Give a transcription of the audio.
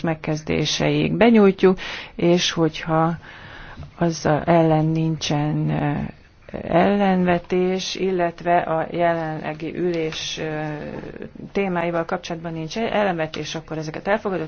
megkezdéseig benyújtjuk, és hogyha az ellen nincsen ellenvetés, illetve a jelenlegi ülés témáival kapcsolatban nincs ellenvetés, akkor ezeket elfogadott.